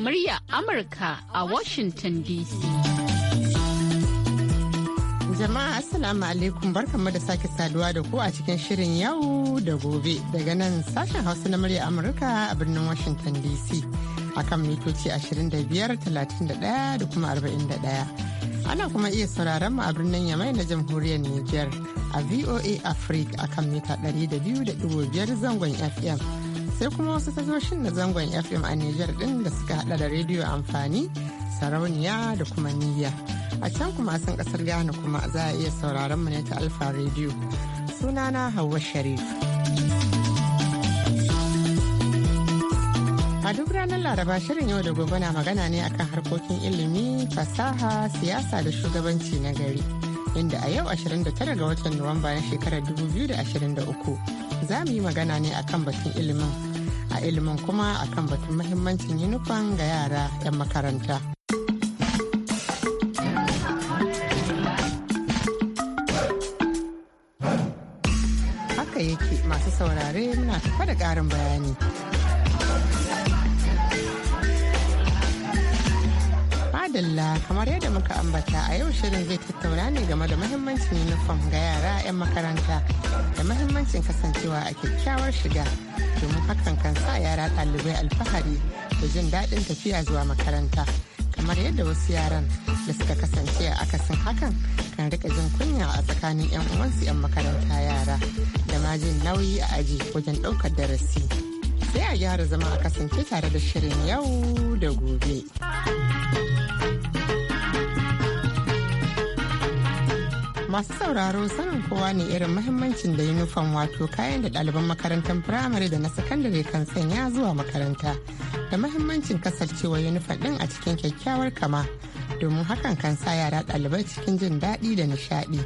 murya Amurka a Washington DC. Jama'a Assalamu alaikum barkanmu da sake saduwa da ku a cikin shirin yau da gobe daga nan sashen hausa na murya Amurka a birnin Washington DC akan mitoci 25, da kuma 41. ana kuma iya sauraron mu a birnin yamai na jamhuriyar Nijar a VOA Africa a kan mita 200.5 zangon FM sai kuma wasu tashoshin na zangon FM a Nijar din da suka hada da rediyo amfani, sarauniya da kuma niyya. A can kuma sun kasar Ghana kuma za a iya sauraron mu ne ta Alfa Radio. Sunana Hauwa Sharif. A duk ranar Laraba shirin yau da gobe na magana ne akan harkokin ilimi, fasaha, siyasa da shugabanci na gari. Inda a yau 29 ga watan Nuwamba na shekarar 2023 za mu yi magana ne akan batun ilimin a ilimin kuma akan batun mahimmancin yunifan ga yara 'yan makaranta. Haka yake masu saurare muna tafa da ƙarin bayani. madalla kamar yadda muka ambata a yau shirin zai tattauna ne game da mahimmancin uniform ga yara 'yan makaranta da mahimmancin kasancewa a kyakkyawar shiga domin hakan kan sa yara ɗalibai alfahari da jin daɗin tafiya zuwa makaranta kamar yadda wasu yaran da suka kasance a akasin hakan kan rika jin kunya a tsakanin 'yan uwansu 'yan makaranta yara da ma jin nauyi a aji wajen ɗaukar darasi sai a gyara zama a kasance tare da shirin yau da gobe. masu sauraro sanin kowa ne irin mahimmancin da yunifom wato kayan da ɗaliban makarantar firamare da na sakandare kan sanya zuwa makaranta da mahimmancin kasancewa yunifom ɗin a cikin kyakkyawar kama domin hakan kan sa yara ɗalibai cikin jin daɗi da nishaɗi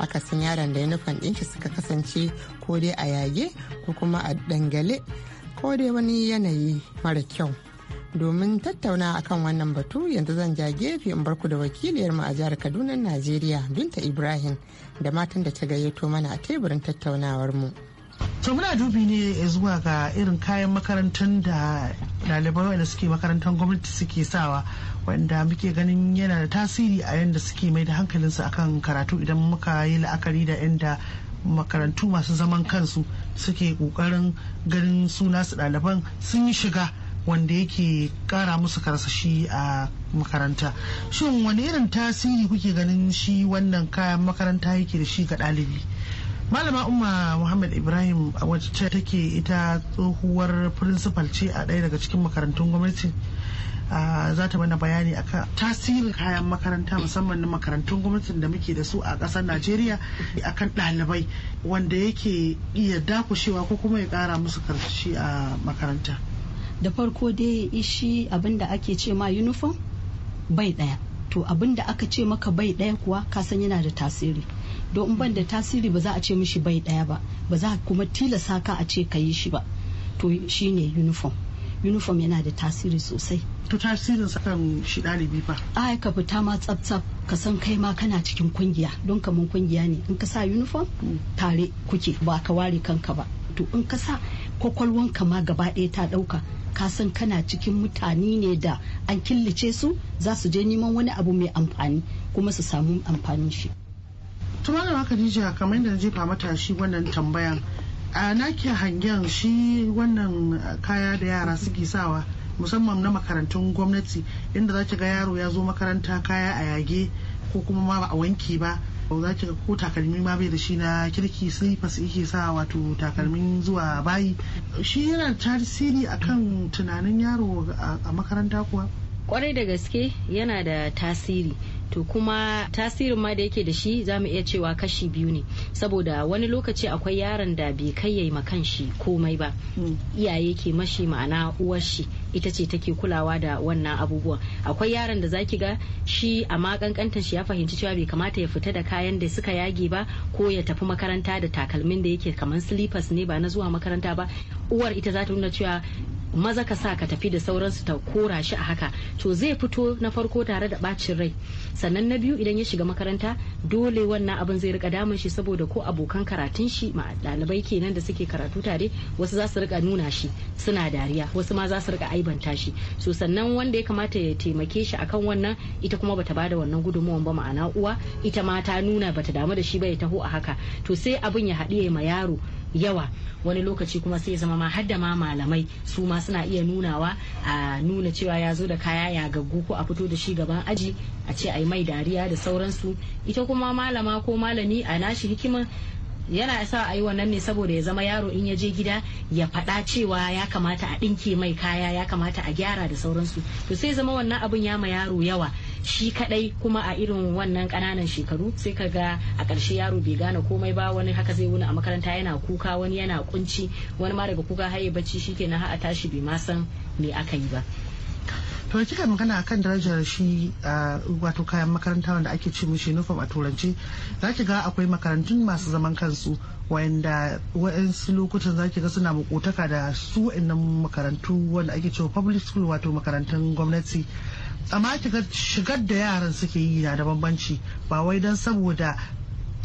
akasin yaran da yunifom ɗinki suka kasance ko dai a yage ko kuma a dangale ko dai wani yanayi mara kyau domin tattauna akan wannan batu yanzu zan ja gefe in barku da wakiliyar mu a jihar Kaduna Najeriya Binta Ibrahim da matan da ta gayyato mana a teburin tattaunawar mu. To muna dubi ne zuwa ga irin kayan makarantar da ɗalibai wanda suke makarantar gwamnati suke sawa wanda muke ganin yana da tasiri a yadda suke mai da hankalinsu akan karatu idan muka yi la'akari da yadda makarantu masu zaman kansu suke kokarin ganin suna su ɗaliban sun yi shiga wanda yake kara musu karsashi a makaranta shin wani irin tasiri kuke ganin shi wannan kayan makaranta yake da shi ga ɗalibi malama umma muhammad ibrahim a wacce take ita tsohuwar principal ce a ɗaya daga cikin makarantun gwamnati za ta mana bayani a tasirin kayan makaranta musamman na makarantun gwamnatin da muke da su a ƙasar najeriya akan ɗalibai wanda yake iya dakushewa ko kuma ya ƙara musu karshe a makaranta da farko dai shi abin da ake ce ma uniform bai daya to abin da aka ce maka bai daya kuwa ka san yana da tasiri don in ban da tasiri ba za a ce mishi bai daya ba ba za kuma tilasa ka a ce ka yi shi ba to shine uniform uniform yana da tasiri sosai to tasirin kan shi ɗalibi fa ai ka fita ma tsaf ka san kai ma kana cikin kungiya don kaman kungiya ne in ka sa uniform hmm. tare kuke ba ka ware kanka ba to in ka sa kwakwalwanka ma gaba ɗaya ta ɗauka ka san kana cikin mutane ne da an killace su za su je neman wani abu mai amfani kuma su samu amfanin shi. tumalama khadija kamar yadda na jefa mata wannan tambayan a naki hangen shi wannan kaya da yara suke sawa musamman na makarantun gwamnati inda za ga yaro ya zo makaranta kaya a yage ko kuma ma ba a wanki ba za ki ga ko takalmi ma bai da shi na kirki slippers yake sa wato takalmin zuwa bayi shi yana tasiri akan tunanin yaro a makaranta kuwa kwarai da gaske yana da tasiri to kuma tasirin ma da yake da shi za mu iya cewa kashi biyu ne saboda wani lokaci akwai yaron da bai kai yayi ma kanshi komai ba mm. iyaye ke mashi ma'ana uwar shi ita ce take kulawa da wannan abubuwan akwai yaron da zaki ga shi a ma kankantar shi ya fahimci cewa bai kamata ya fita da kayan da suka yage ba ko ya tafi makaranta da takalmin da yake kamar slippers ne ba na zuwa makaranta ba uwar ita za ta nuna cewa maza ka sa ka tafi da sauransu ta kora shi a haka to zai fito na farko tare da bacin rai sannan na biyu idan ya shiga makaranta dole wannan abin zai rika damun shi saboda ko abokan karatun shi ma dalibai kenan da suke karatu tare wasu za su rika nuna shi suna dariya wasu ma za su rika aibanta shi so sannan wanda ya kamata ya taimake shi akan wannan ita kuma bata bada wannan gudunmawan ba ma'ana uwa ita ma ta nuna bata damu da shi ba ya taho a haka to sai abin ya haɗiye ma yaro yawa wani lokaci kuma sai zama ma hadda ma malamai su ma suna iya nunawa a nuna cewa ya zo da kaya ya gaggu ko a fito da shi gaban aji a ce a yi mai dariya da sauransu ita kuma malama ko malami a nashi hikiman yana sa a yi wannan ne saboda ya zama yaro in ya je gida ya faɗa cewa ya kamata a ɗinke mai kaya ya kamata a gyara da sauransu to sai zama wannan abin ya ma yaro yawa shi kadai kuma a irin wannan kananan shekaru sai ka ga a karshe yaro bai gane komai ba wani haka zai wuni a makaranta yana kuka wani yana kunci wani ma daga kuka haye bacci shikenan na a tashi bai ma san me aka yi ba to kika magana akan darajar shi wato kayan makaranta wanda ake ce mishi nufin a turanci zaki ga akwai makarantun masu zaman kansu wanda wayansu lokutan zaki ga suna makotaka da su innan makarantu wanda ake cewa public school wato makarantun gwamnati amma shigar da yaran suke yi na da bambanci ba wai don saboda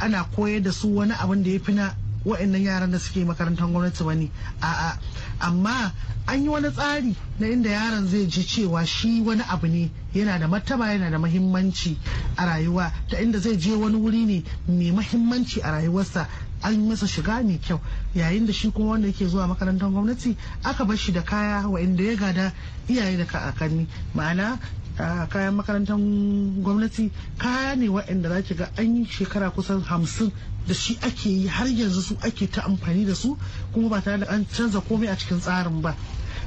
ana koyar da su wani abin da ya fi na wa'annan yaran da suke makarantar gwamnati ba ne a'a amma an yi wani tsari na inda yaran zai ji cewa shi wani abu ne yana da martaba yana da mahimmanci a rayuwa ta inda zai je wani wuri ne mai mahimmanci a rayuwarsa an yi masa shiga mai kyau yayin da shi kuma wanda yake zuwa makarantar gwamnati aka bar shi da kaya wa'inda ya gada iyaye da kakanni ma'ana kayan makarantar gwamnati kaya ne waɗanda za ki ga an yi shekara kusan hamsin da shi ake yi har yanzu su ake ta amfani da su kuma ba tare da an canza komai a cikin tsarin ba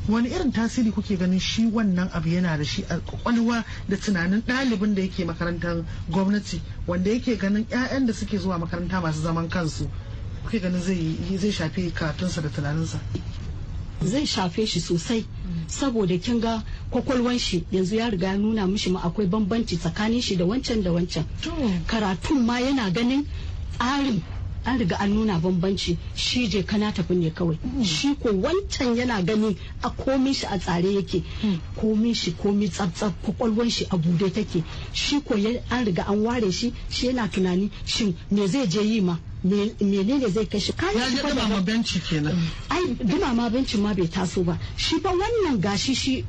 wani irin tasiri kuke ganin shi wannan abu yana da shi a kwakwalwa da tunanin ɗalibin da yake makarantar gwamnati wanda yake ganin 'ya'yan da suke zuwa makaranta masu zaman kansu kuke ganin zai shafe karatunsa da tunaninsa zai shafe shi sosai saboda kin ga kwakwalwan shi yanzu ya riga nuna mishi ma akwai bambanci tsakanin shi da wancan da wancan karatun ma yana ganin tsarin an riga an nuna bambanci shi je kana tafi ne kawai mm. shi ko wancan yana ganin a komin shi a tsare yake mm. komin shi komi tsabtsab kwakwalwan shi a bude take shi ko an riga an ware shi shi yana tunani shin me zai je yi ma menene zai kashe kayan ya dumama benci kenan eh, ai dumama benci ma bai taso ba shi ba wannan gashi shi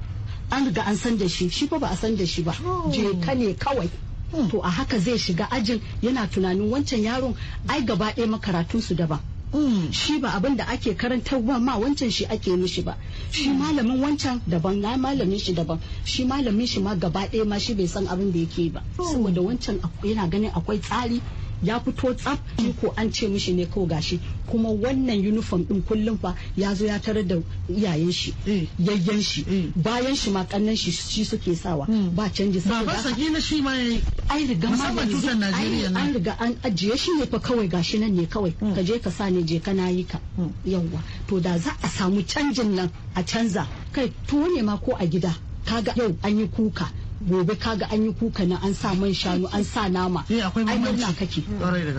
an riga an san da shi shi ba ba a san da shi ba oh. je ka ne kawai hmm. to a haka zai shiga ajin yana tunanin wancan yaron ai gaba ɗaya su daban hmm. shi ba abin da ake karantarwa ma wancan shi ake mishi ba shi hmm. malamin wancan daban na malamin shi daban shi malamin shi ma gaba ɗaya ma shi bai san abin da yake ba oh. saboda wancan yana ganin akwai tsari ya fito tsaf in ko an ce mishi ne kawai gashi kuma wannan uniform din kullum fa ya zo ya tarar da iyayen shi eh. yayyen shi eh. bayan shi ma kannan shi shi suke sawa hmm. ba canji sai ba saki na shi ma ai riga ma Najeriya an riga an ajiye shi ne fa kawai gashi nan ne kawai hmm. ka je ka sa ne je kana yi ka hmm. Yawa to da za a samu canjin nan a canza kai to ne ma ko a gida kaga yau an yi kuka gobe kaga an yi kuka na an sa man shanu an sa nama yi eh, murna kake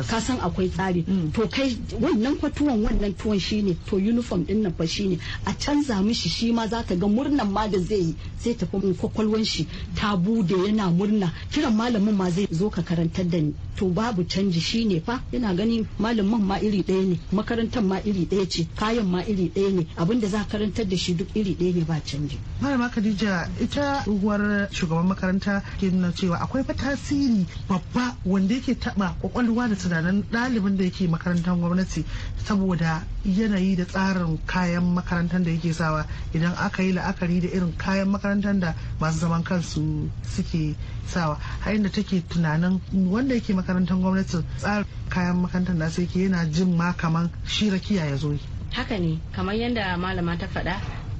ka san akwai tsari hmm. to kai wannan kwatuwan wannan tuwon shine to uniform din nan fa shine a canza mishi shi ma ta ga murnan ma da zai yi sai ta tafi kwakwalwan shi ta bude yana murna kiran malamin ma zai zo ka karantar da ni to babu canji shine fa yana gani malamin ma iri ɗaya ne makarantar ma iri ɗaya ce kayan ma iri ɗaya ne abinda za karantar da shi duk iri ɗaya ne ba canji malama Khadija ita uwar shugaban makaranta ke nuna cewa akwai fa tasiri babba wanda yake taba kwakwalwa da tunanin ɗalibin da yake makarantar gwamnati saboda yanayi da tsarin kayan makarantar da yake sawa idan aka yi la'akari da irin kayan makarantar da masu zaman kansu suke sawa har inda take tunanin wanda yake makarantar gwamnati tsarin kayan makarantar da sai yake yana jin ma kaman shi rakiya ya zo haka ne kamar yadda malama ta faɗa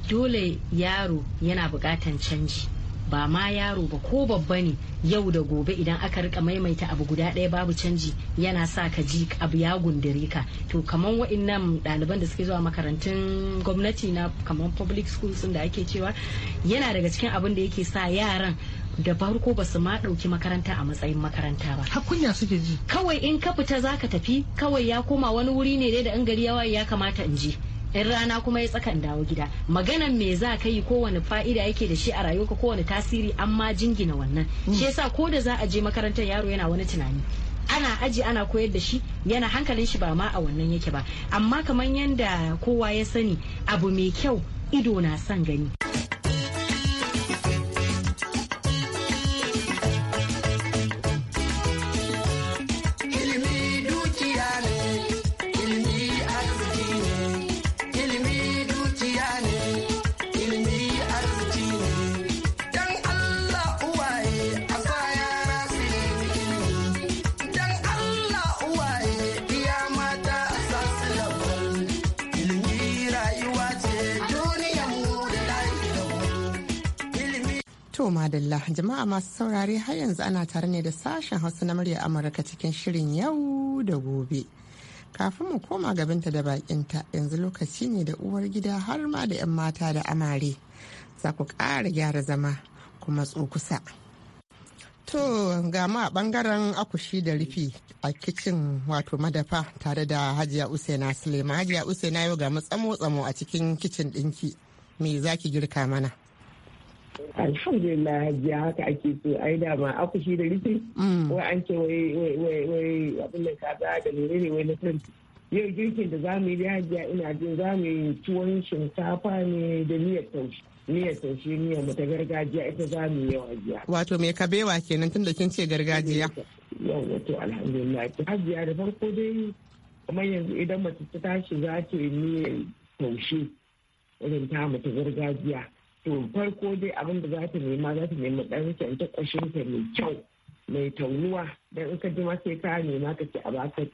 dole yaro yana buƙatan canji ba ma yaro ba ko babba ne yau da gobe idan aka rika maimaita abu guda ɗaya babu canji yana sa ka ji abu ya gundare ka to kaman wa'annan ɗaliban da suke zuwa makarantun gwamnati na kamar public schools da ake cewa yana daga cikin abin da yake sa yaran da farko ba su ma ɗauki makaranta a matsayin makaranta ba. Hakunya suke ji. Kawai in ka fita za ka tafi kawai ya koma wani wuri ne dai da in gari yawa ya kamata in je. in rana kuma ya tsakan dawo gida maganan me za ka yi kowane fa'ida yake da shi a rayuwarka kowane tasiri amma jingina wannan mm. shi yasa ko da za a je makarantar yaro yana wani tunani ana aji ana koyar da shi yana hankalin shi ba ma a wannan yake ba amma kamar yadda kowa ya sani abu mai kyau ido na son gani. To jama'a masu saurare har yanzu ana tare ne da sashen hausa na murya Amurka cikin shirin yau da gobe. Kafin mu koma gabinta da bakinta yanzu lokaci ne da uwar gida har ma da 'yan mata da amare. Za ku ƙara gyara zama kuma tsokusa. To ga ma bangaren akushi da rufi a kicin wato madafa tare da Hajiya Usaina Sulema. Hajiya Usaina yau ga mu tsamo-tsamo a cikin kicin ɗinki. Me za ki girka mana? alhamdulillah hajiya haka ake so ai da ma akushi da rufi mm. wai an ce wai wai wai abin da kaza da menene wai na san yau girkin da za mu yi hajiya ina jin za mu yi tuwon shinkafa ne da miyar taushe miyar taushe miyar mu ta gargajiya ita za mu yi hajiya wato me kabewa kenan tun da kin ce gargajiya yau wato alhamdulillah hajiya da farko dai kamar yanzu idan mace ta tashi za ta yi miyar taushe irin ta mu ta gargajiya to farko dai abin da za ta nema za ta nema dan ta kashin ta mai kyau mai taunuwa dan in ka ji ma sai ka nema ka ce a baka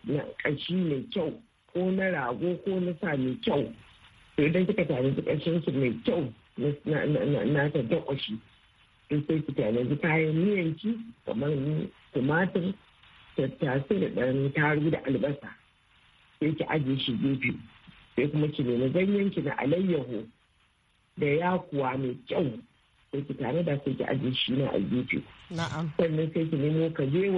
kashi mai kyau ko na rago ko na sa mai kyau to idan kika tare da kashin su mai kyau na ta kashi to sai ki tare da kayan ki kamar tumatir tattasai da ɗan taru da albasa sai ki ajiye shi gefe sai kuma ki nemi ganyen ki na alayyahu da ya kuwa mai kyau da ki tare da sai ki ajiye shi na a gefe sannan sai ki nemo ka ki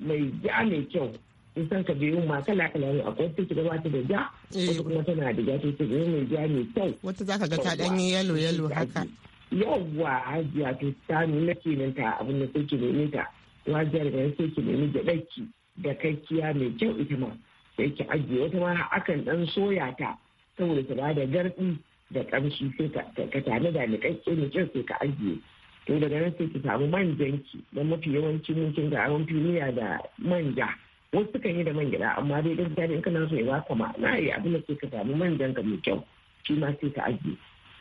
mai ja mai kyau in san ka biyu ma kala kala ne akwai sai ki ga wata da ja eh. wata kuma tana da ja to ki ga mai ja mai kyau wata za ka ga ta ɗanyi yalo yalo haka yawwa hajiya to ta nuna nan ta abin da sai ki nemi ta Wajen da sai ki nemi gyaɗaki da kakkiya mai kyau ita ma sai ki ajiye wata ma akan ɗan soya ta saboda ta bada garɗi da kamshi sai ka tare da niƙaƙƙe ne kyau sai ka ajiye to daga nan sai ki samu manjanki da mafi yawanci mun kin ga awon duniya da manja wasu sukan yi da man gida amma dai gaskiya in kana so ya ba ma na yi abin da sai ka samu manjan ka mai kyau shi ma sai ka ajiye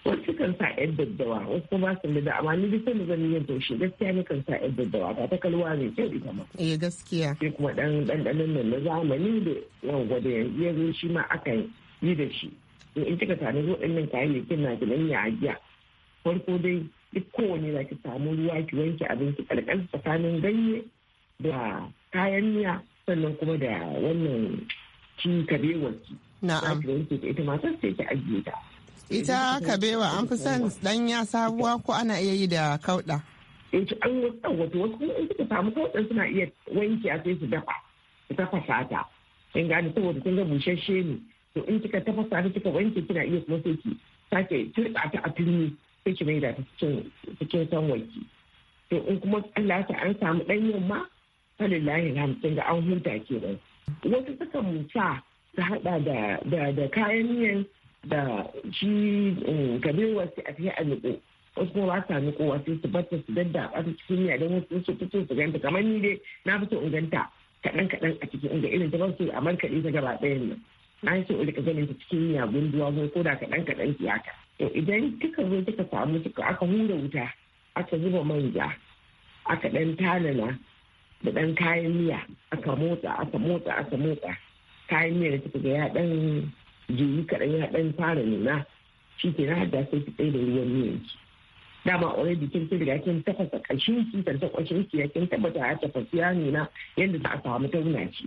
wasu kan sa yan daddawa wasu kuma sun da amma ni duk sanda zan yi taushe gaskiya ne kan sa yan daddawa ba ta kalwa mai kyau ita ma eh gaskiya sai kuma dan dandanon nan na zamani da yan gwada yanzu shi ma aka yi da shi in in kika tare waɗannan kayayyakin na lanya a ajiya farko dai duk kowane za ki samu ruwa ki wanke abinci ƙalƙal tsakanin ganye da kayan miya sannan kuma da wannan ci ki. Na'am. Za ki wanke ta ita ma sai ki ajiye ta. Ita kabewa an fi son ɗanya sabuwa ko ana iya yi da kauɗa. in eh ci an wasu wasu kuma in kika samu kauɗa suna iya wanke a sai su dafa su tafasa ta in gane saboda sun ga bushashe ne to in kika tafasa ta kika wanke kina iya kuma sai ki sake turɓa ta a turmi sai ki maida ta cikin cikin to in kuma Allah ta an samu ɗan yamma falillahi alhamdulillah da an ke ba. wasu suka muta ta hada da kayan miyan da shi kabewa eh, wasu a fiye a niko wasu kuma ba sa niko wasu su bata su dadda a cikin miya don wasu su fito su ganta kamar ni dai na fito in ganta kaɗan kaɗan a cikin inda irin ta su a markaɗe ta gaba ɗayan nan na an so rika ganin cikin miyagun gunduwa ko da kaɗan kaɗan ki haka to idan kika zo kika samu suka aka hura wuta aka zuba manja aka ɗan tanana da ɗan kayan miya aka motsa aka motsa aka motsa kayan miya da suka ga ya ɗan jiri kaɗan ya ɗan fara nuna shi ke na hada sai ki tsaye da ruwan miyan ki dama wani bikin sai daga kin tafasa ƙashin ki kan ta kashin ki ya kin tabbata ya tafasa ya nuna yadda za a samu taunaci. ci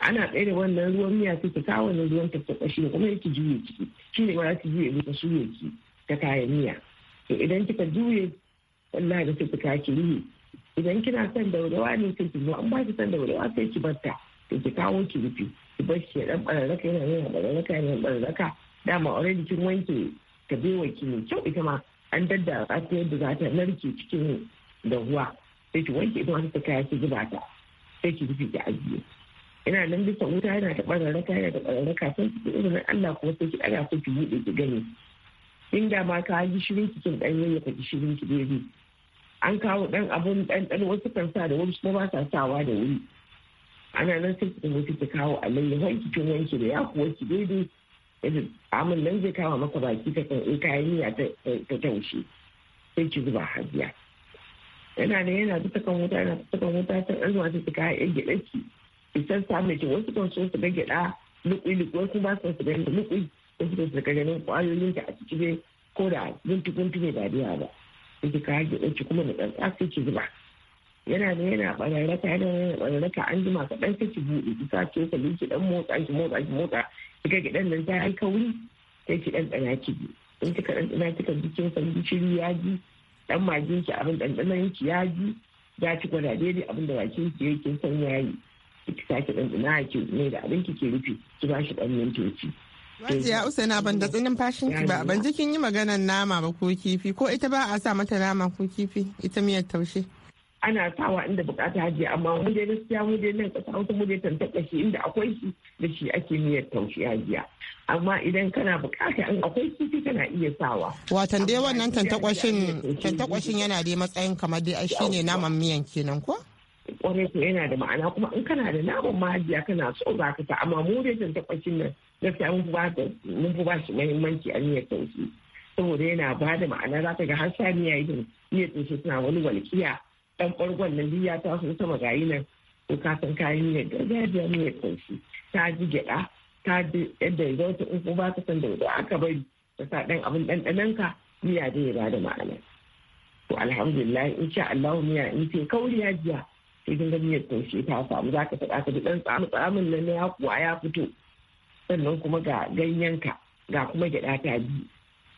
ana tsere wannan ruwan miya sai ta kawo wannan ruwan tattaɓa shi kuma yake juye ki shi ne ma za ki juye ki ta suye ki ta kayan miya to idan kika juye wallahi da su ka ki rihi idan kina son daurewa ne sai ki zo an ba ki son daurewa sai ki barta to ki kawo ki rufe ki bar ki dan bararraka yana yana bararraka yana bararraka dama already kin wanke ka bewa ki mai kyau ita ma an dadda a yadda za ta narke cikin dahuwa sai ki wanke ita wani ta kaya ki zuba ta sai ki rufe ki ajiye ina nan bisa wuta yana da ɓararraka yana da ɓararraka sun fi izinin Allah kuma sai ki ɗaga ku ki buɗe ki gani inda ma ka yi shirin ki kin ɗan ka ki shirin ki daidai an kawo ɗan abun ɗan ɗan wasu kan sa da wani kuma ba sa sawa da wuri ana nan sai ki ɗago ki kawo alayyahon wanki kin wanke da ya kuwa ki daidai amin nan zai kama maka baki ta kan eh, kayan miya eh, ta taushe sai ki zuba hajiya yana da yana ta kan wuta yana ta kan wuta ta ɗan zuwa ta kayan gyaɗa ki isan samun ke wasu kan su ga gyaɗa lukui wasu ba su su ganin lukui wasu su ga ganin kwayoyin ta a ciki ko da guntu guntu ne ba biya ba yake ka haji ɗauki kuma da ɗan sai ci zuba yana ne yana ɓararraka yana yana ɓararraka an jima ka ɗan kaci buɗe ki ce ka bi ki ɗan motsa ki motsa ki motsa ki ga gyaɗan nan ta yi kauri sai ki ɗan ɗana ki bi in kika ɗan ɗana kika bi kin san gishiri ya ji ɗan magin ki abin ɗanɗanon ki ya ji ya ci gwada daidai abin da bakin ki yake san ya ki sake a ki ne da abin ki ke rufe ki ba shi ɗan mintoci. Rajiya Usaina ban da tsinin fashin ba ban ji kin yi maganar nama ba ko kifi ko ita ba a sa mata nama ko kifi ita miyar taushe. ana sawa inda bukata hajiya amma mu dai gaskiya mu dai nan kasa wata mu dai tantaka shi inda akwai shi da shi ake miyar taushe hajiya amma idan kana bukata in akwai kifi kana iya sawa watan dai wannan tantakwashin tantakwashin yana da matsayin kamar dai shi ne naman miyan kenan ko kwarai ko yana da ma'ana kuma in kana da naman mahajiya kana so za ka ta amma mu dai ta kwacin nan gaskiya mun fi ba shi muhimmanci a niyyar sauki saboda yana ba da ma'ana za ka ga har saniya idan niyyar sauki suna wani walƙiya dan ɓargon nan biya ta sun sama gayi nan to ka san kayan niyyar gargajiya niyyar sauki ta ji gyaɗa ta ji yadda ya zauta in ko ba ka san da wuta aka bari ka sa ɗan abin ka miya zai ba da ma'ana to alhamdulillah in sha Allah miya in ce kauri ya jiya to kin ga miyar taushe ta samu za ka faɗa ka dan tsamu tsamin nan ya kuwa ya fito sannan kuma ga ganyen ka ga kuma gyaɗa ta biyu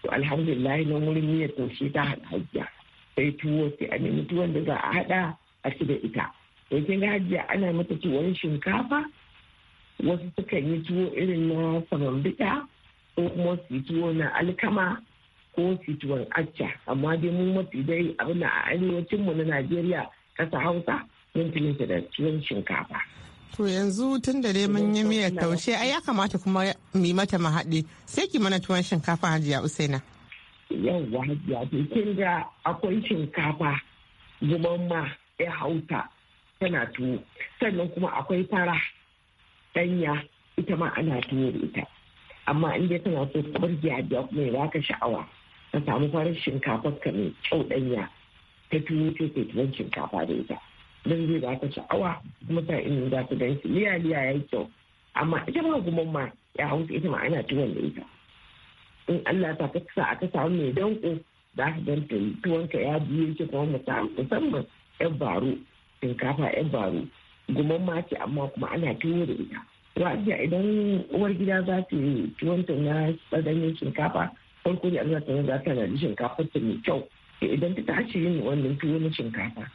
to alhamdulillah nan wurin miyar taushe ta hajjiya sai tuwo sai a nemi tuwon da za a haɗa a ci da ita to kin ga hajjiya ana mata tuwon shinkafa wasu sukan yi tuwo irin na saman bida ko kuma su tuwo na alkama ko tuwon acca amma dai mu mafi dai abin a arewacinmu na Najeriya ƙasa Hausa mun da tuwon shinkafa. To yanzu tun da dai mun yi miya taushe ai ya kamata kuma mi mata mahaɗi sai ki mana tuwon shinkafa hajiya Usaina. Yawwa ya kin ga akwai shinkafa gumamma ya hauta tana tuwo sannan kuma akwai fara ɗanya ita ma ana tuwo da ita. Amma in dai tana so kwargiya jiya kuma ya baka sha'awa ka samu farar shinkafa ka mai kyau ɗanya ta tuwo ce tuwon shinkafa da ita. don zai baka sha'awa kuma sa in za ka gan shi liya liya ya yi kyau amma ita ma gumon ma ya hausa ita ma ana tuwon da ita in Allah ta kasa aka samu mai danko za ka gan tuwonka ya biye shi kuma musamman yan baro shinkafa yan baro gumon ma ce amma kuma ana tuwo da ita a idan uwar gida za ta yi ta na tsadanin shinkafa farko da Allah ta za ta na shinkafa ta mai kyau idan ta tashi yin wannan tuwo na shinkafa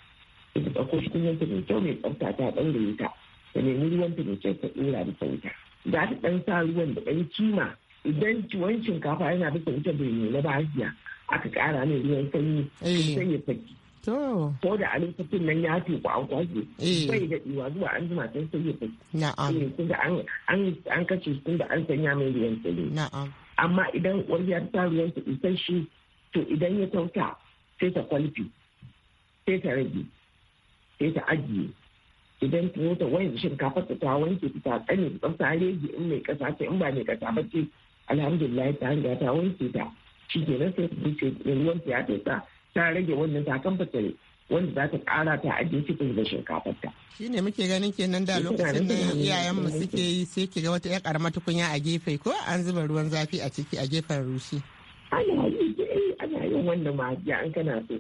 ta ta ɗauko shi kunyanta mai kyau mai tsafta ta ɗaure ta ta nemi ruwan mai kyau ta ɗora da sauta za ta ɗan sa ruwan da ɗan kima idan ciwon shinkafa yana bisa wuta bai nuna ba hajiya aka ƙara mai ruwan sanyi eh. sai ya saki ko da a lokacin nan ya teku an kwashe eh. bai daɗewa zuwa an jima sai sai ya saki eh, tunda an kashe da an sanya mai ruwan sanyi amma idan wajen ya ta ruwan ta shi to idan ya tauta sai ta kwalfi sai ta rage sai ta ajiye idan tuwo ta wayan shinkafa ta ta wanke ta tsane ta tsafta reji in mai kasa ta in ba mai kasa ba ce alhamdulillah ta hanga ta wanke ta shi ke nan sai ta ce ruwan ta ya tsotsa ta rage wannan ta kan fasare wanda za ta kara ta ajiye cikin da shinkafar ta. Shi ne muke ganin kenan da lokacin da iyayen mu suke yi sai ki ga wata 'yar karama tukunya a gefe ko an zuba ruwan zafi a ciki a gefen rushi. Ana yi ana yin wannan ma an kana so.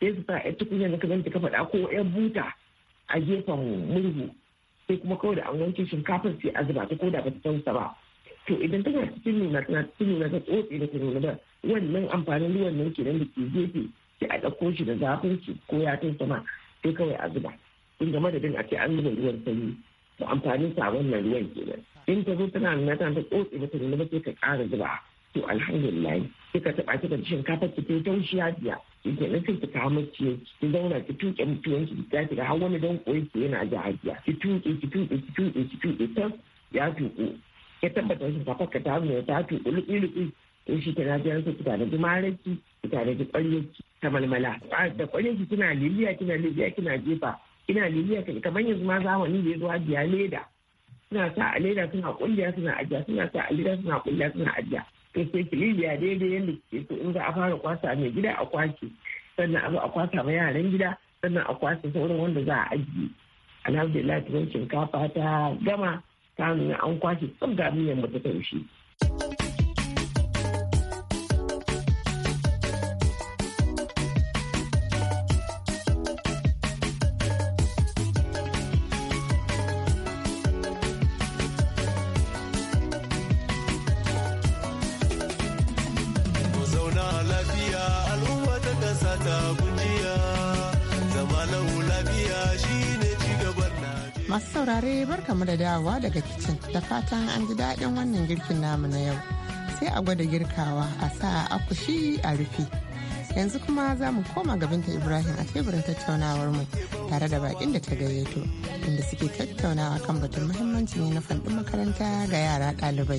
sai su sa yan tukunya na ka ta faɗa ko yan buta a gefen murhu sai kuma kawai da an wanke shinkafar sai a zuba ta ko da ba ta tausa ba to idan tana cikin nuna tana cikin nuna ta tsotse da ta nuna ba wannan amfanin ruwan nan kenan da ke gefe sai a ɗauko shi da zafin shi ko ya tausa ma sai kawai a zuba in game da din a ce an zuba ruwan sanyi to amfanin sa wannan ruwan kenan in ta zo tana nuna tana ta tsotse da ta nuna ba sai ka ƙara zuba to alhamdulillah sai ka taɓa ta da shinkafa ta taushi ya biya kenan sai ki kawo mace ki zauna ki tuƙe mutuwan ki ta ki har wani don koyi ki yana ajiya? ki tuƙe ki tuƙe ki tuƙe ki tuƙe ta ya tuƙo ya tabbata shi ka ta mu ta tuƙo luƙi luƙi to shi kenan sai ki tanaji maraki ki da ƙwaryarki ta malmala da ƙwaryarki kina liliya kina liliya kina jefa kina liliya kamar yanzu ma zamani da ya zo ajiya leda suna sa a leda suna kulliya suna ajiya suna sa a leda suna kulliya suna ajiya ta sai ki libiya daidai yadda ke so in za a fara kwasa mai gida a kwashe sannan a zo a kwasa ma yaran gida sannan a kwasa sauran wanda za a ajiye alhamdulillah tuwon shinkafa ta gama ta nuna an kwashe tsab miyan mu ta taushe barka mu da dawowa daga kicin da fatan an ji daɗin wannan girkin namu na yau sai a gwada girkawa a sa a akushi a rufe yanzu kuma za mu koma gabinta ibrahim a teburin tattaunawar mu tare da bakin da ta gayyato inda suke tattaunawa kan batun muhimmanci ne na fandin makaranta ga yara ɗalibai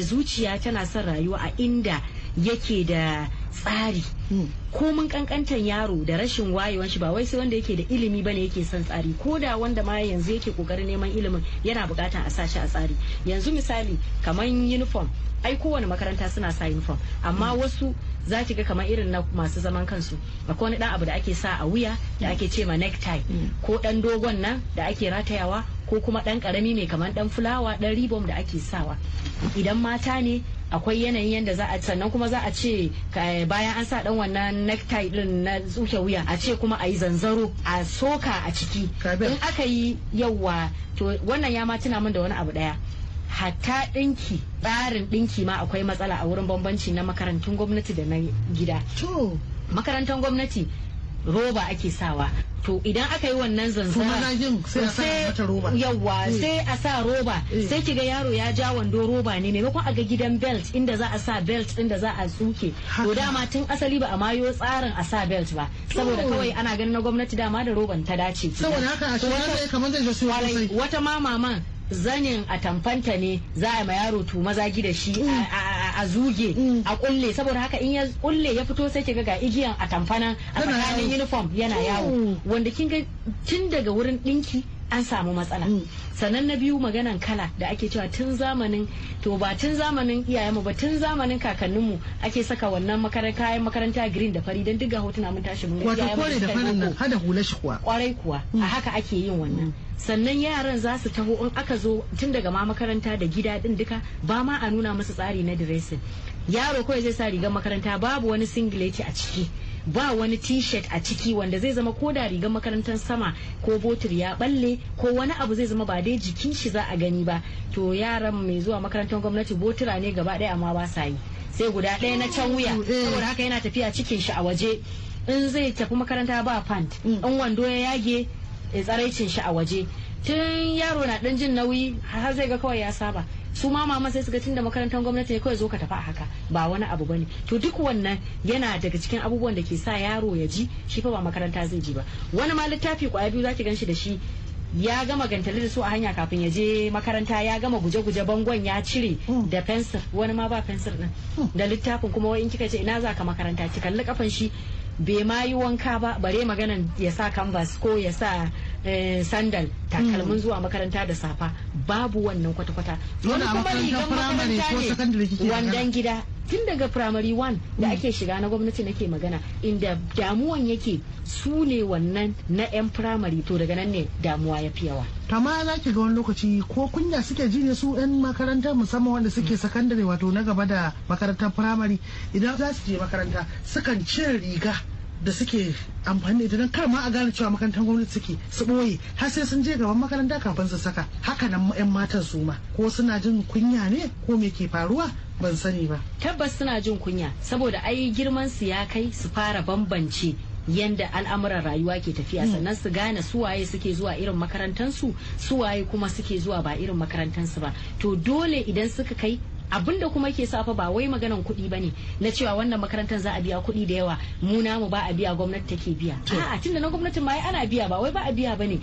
zuciya tana son rayuwa a inda yake da tsari hmm. ko mun kankantar yaro da rashin wayewar shi ba wai sai wanda yake da ilimi bane yake son tsari ko da wanda ma yanzu yake kokarin neman ilimin yana bukatar a sa shi a tsari yanzu misali kaman uniform ai kowane makaranta suna sa uniform amma hmm. wasu za ki ga kamar irin na masu zaman kansu akwai wani dan abu da ake sa a wuya da ake ce ma necktie hmm. ko dan dogon nan da ake ratayawa ko kuma dan karami mai kamar dan fulawa dan ribom da ake sawa idan mata ne akwai yanayin yadda za a sannan kuma za a ce bayan an sa dan wannan necktie din na tsuke wuya a ce kuma a yi zanzaro a soka a ciki in aka yi yawa to wannan ya ma tuna min da wani abu daya hatta dinki tsarin dinki ma akwai matsala a wurin bambanci na makarantun gwamnati da na gida. To. Makarantar gwamnati roba ake sawa to idan aka yi wannan zanzara yawa eh. sai a sa roba eh. sai ki ga yaro ya ja wando roba ne maimakon a ga gidan belt inda za a sa belt inda za a tsuke to dama tun asali ba a mayo tsarin a sa belt ba saboda kawai ana ganin na gwamnati dama da roban ta dace wata ma maman zanin a tamfanta ne za a ma yaro to maza gida shi mm. a a zuge mm. a kulle saboda haka in ya kulle ya fito sai kiga ga igiyan a tamfana a tsakanin uniform yana yawo mm. wanda kin ga tun daga wurin dinki an samu matsala mm. sannan na biyu maganan kala da ake cewa tun zamanin to ba tun zamanin iyayenmu ba tun zamanin kakanninmu ake saka wannan makarar kayan makaranta green da fari don duka hotuna mun tashi mun wato kore da farin nan hada hula shi kuwa kwarai kuwa a mm. haka ake yin wannan mm. sannan yaran za su taho in aka zo tun daga ma makaranta da gida din duka ba ma a nuna musu tsari na dressing yaro kawai zai sa rigar makaranta babu wani singileti a ciki ba wani t-shirt a ciki wanda zai zama ko da rigar makarantar sama ko botir ya balle ko wani abu zai zama ba dai jikin shi za a gani ba to yaran mai zuwa makarantar gwamnati botura ne gaba daya amma ba sa yi sai guda daya na can wuya mm. saboda haka yana tafiya cikin shi a waje in zai tafi makaranta ba pant mm. in wando ya yage eh, tsaraicin shi a waje tun yaro na ɗan jin nauyi har zai ga kawai ya saba su ma mama sai su ga da makarantar gwamnati ne kawai zo ka tafi a haka ba wani abu bane to duk wannan yana daga cikin abubuwan da ke sa yaro ya ji shi fa ba makaranta zai ji ba wani ma littafi kwaya biyu zaki ganshi da shi ya gama gantali da su a hanya kafin ya je makaranta ya gama guje-guje bangon ya cire hmm. da fensir wani ma ba fensir din hmm. da littafin kuma wai in kika ce ina za ka makaranta ki kalli kafan shi bai ma yi wanka ba bare maganan ya sa canvas ko ya sa Eh, sandal takalmin hmm. zuwa makaranta da safa babu wannan kwata-kwata wani kuma rigan makaranta ne wandan gida tun daga primary one da hmm. ake shiga na gwamnati nake magana inda damuwan yake su ne wannan na 'yan primary to daga nan ne damuwa ya fi yawa kama za ki ga wani lokaci ko kunya suke ji ne su 'yan makaranta musamman wanda suke sakandare wato na gaba da makarantar primary idan za su je makaranta sukan cire riga da suke amfani da ita kar ma a gane cewa makarantar gwamnati suke su ɓoye har sai sun je gaban makaranta kafin su saka haka nan 'yan matan su ma ko suna jin kunya ne ko me ke faruwa ban sani ba tabbas suna jin kunya saboda ai girman su ya kai su fara bambance yanda al'amuran rayuwa ke tafiya mm. sannan su gane su waye suke zuwa irin makarantar su suwaye kuma suke zuwa ba irin makarantansu ba to dole idan suka kai Abin da kuma ke safa ba wai maganan kuɗi bane na cewa wannan makarantar za a biya kuɗi da yawa mu namu ba a biya gwamnati take biya a'a tunda na gwamnatin ma ana biya ba wai ba a biya bane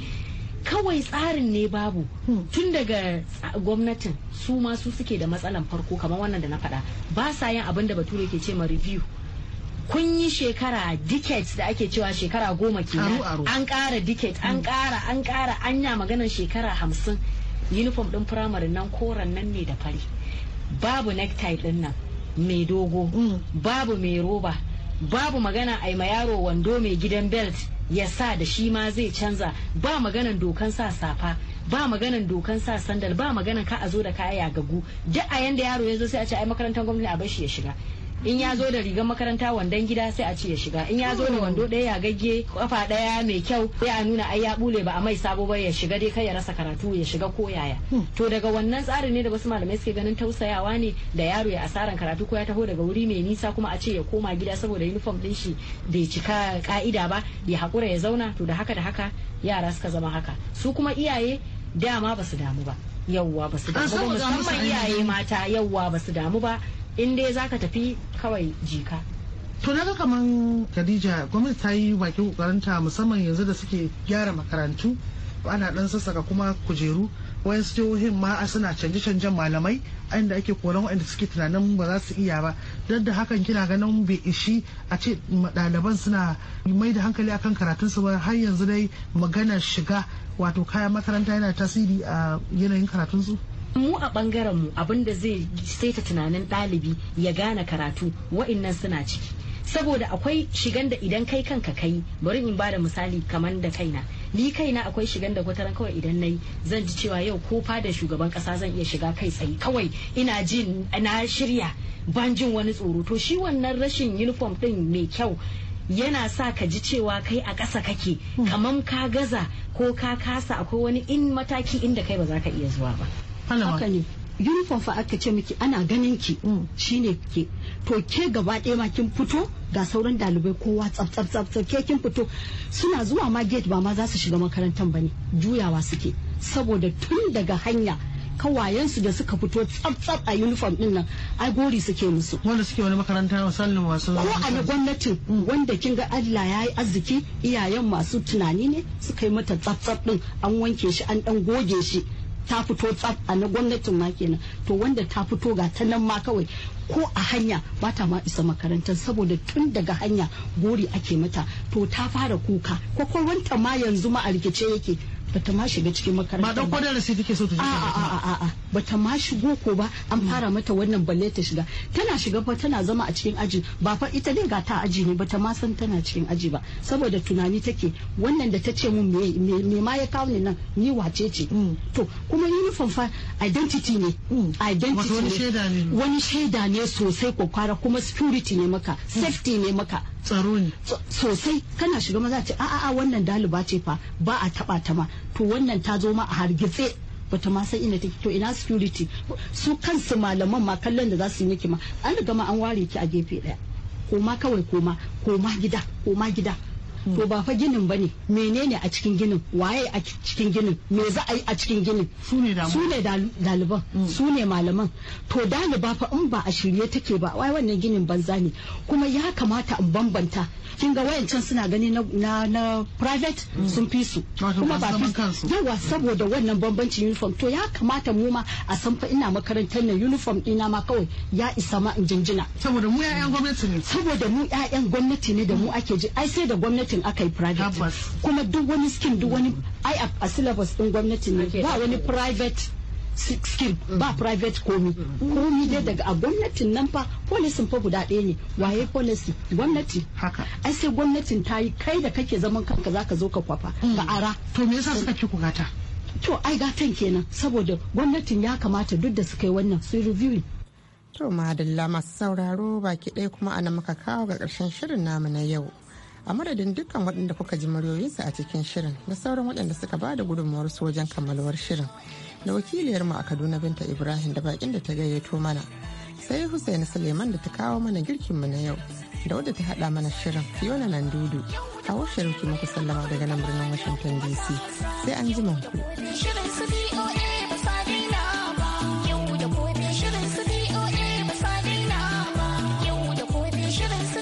kawai tsarin ne babu hmm. tun daga gwamnatin su ma su suke da matsalan farko kamar wannan da na faɗa ba sa yin abin da bature ke ce ma review kun yi shekara decades da ake cewa shekara goma kenan an ƙara decade an hmm. ƙara an ƙara anya maganar shekara hamsin uniform din firamare nan koren nan ne da fari babu necktie din nan mai dogo mm. babu mai roba babu magana a ma yaro wando mai gidan belt ya sa da shi ma zai canza ba maganan dokan sa safa ba maganan dokan sa sandal ba maganan ka a zo da kaya ya gagu duk a yanda yaro ya zo sai a ce ai makarantar gwamnati a bar ya shiga in ya zo da rigar makaranta wandon gida sai a ce ya shiga in ya zo da wando ɗaya ya gagge kafa ɗaya mai kyau sai a nuna ai ya bule ba a mai sabo ba ya shiga dai kai ya rasa karatu ya shiga ko yaya hmm. to daga wannan tsarin ne da wasu malamai suke ganin tausayawa ne da yaro ya asaran karatu ko ya taho daga wuri mai nisa kuma a ce ya koma gida saboda uniform din shi bai cika ka'ida ba ya hakura ya zauna to da haka da haka yara suka zama haka su kuma iyaye dama ba su damu ba yauwa ba su damu ba musamman iyaye mata yauwa ba su damu ba in dai zaka tafi kawai jika to na ga kamar Khadija gwamnati ta yi bakin kokarinta musamman yanzu da suke gyara makarantu ana dan sassaka kuma kujeru wayan jihohin ma suna canje-canjen malamai inda ake koran waɗanda suke tunanin ba za su iya ba don da hakan kina ganin bai ishi a ce ɗaliban suna mai da hankali akan karatun su ba har yanzu dai magana shiga wato kayan makaranta yana tasiri a yanayin karatun su mu a bangaren mu abin da zai saita tunanin ɗalibi ya gane karatu wa'innan suna ciki saboda akwai shigan da idan kai kanka kai bari in bada misali kaman da kaina ni kaina akwai shigan da gwataran kawai idan nayi zan ji cewa yau ko fadar shugaban kasa zan iya shiga kai tsaye kawai ina jin na shirya ban jin wani tsoro to shi wannan rashin uniform din mai kyau yana sa ka ji cewa kai a ƙasa kake kamar ka gaza ko ka kasa akwai wani in mataki inda kai ba za ka iya zuwa ba haka ne uniform fa aka ce miki ana ganin ki mm. shine ke to ke gaba ɗaya ma kin fito ga sauran dalibai kowa tsaf tsaf tsaf ke kin fito suna zuwa ma gate ba ma za su shiga makarantar bane juyawa suke saboda tun daga hanya kawayensu da suka fito tsaf-tsaf a uniform din nan ai gori suke musu wanda suke wani makaranta musallin wasu ko a na gwamnati mm. wanda kin ga Allah ya yi arziki iyayen masu tunani ne suka yi mata tsaf-tsaf din an wanke shi an dan goge shi ta fito tsaf a na gwamnatin ma kenan to wanda ta fito ga ta nan ma kawai ko a hanya ba ta ma isa makarantar saboda tun daga hanya gori ake mata to ta fara kuka kwakwalwanta ma yanzu ma a rikice yake bata ma shiga cikin makaranta ba don ko darasi take so ta je a a a bata ma shigo ko ba an fara mata wannan balle ta shiga tana shiga fa tana zama a cikin aji ba fa ita din ga ta aji ne bata ma san tana cikin aji ba saboda tunani take wannan da ta ce mun me me ma ya kawo ni nan ni wace ce mm. to kuma uniform fa identity ne mm. identity wani shaida ne wani shaida ne sosai kwakwara kuma security ne maka mm. safety ne maka tsaro ne sosai kana shiga maza ce a'a wannan daliba ce fa ba a taba ta ma to wannan ta zo ma a hargitse bata ma san inda take to ina security su kansu malaman ma kallon da za su yi miki ma an riga ma an ware ki a gefe daya koma kawai koma koma gida koma gida to ba fa ginin bane menene a cikin ginin waye a cikin ginin me za a yi a cikin ginin su ne daliban mm. su ne malaman to daliba fa in ba a shirye take ba wai wannan ginin banza ne kuma ya kamata in bambanta kin ga wayancan suna gani na na, private mm. sun fi su kuma ba fi yawa saboda wannan bambancin uniform to ya kamata mu ma a san fa ina makarantar na uniform dina ma kawai ya isa ma in jinjina saboda mu yayan gwamnati ne saboda mu yayan gwamnati ne da mu ake ji ai sai da gwamnati gwamnatin aka yi private kuma duk wani skin duk wani ai a syllabus din gwamnati ne ba wani private skin mm. ba private komi mm. komi dai daga a gwamnatin nan fa policy fa guda ɗaya ne waye policy gwamnati ai sai gwamnatin ta yi kai da kake zaman kanka zaka zo ka kwafa mm. ka ara to me yasa suka ki kugata to ai gatan kenan saboda gwamnatin ya kamata duk da suka yi wannan su review to madalla masu sauraro baki ɗaya kuma ana muka kawo ga ƙarshen shirin namu na yau a madadin dukkan waɗanda kuka ji muryoyinsu a cikin shirin da sauran waɗanda suka ba da su wajen kammalwar shirin da wakiliyarmu a kaduna binta ibrahim da bakin da ta gayyato mana sai hussaini suleiman da ta kawo mana girkinmu na yau da wadda ta haɗa mana shirin fiona nan dudu a washe ruki muku sallama daga nan birnin washington dc sai an ji ku.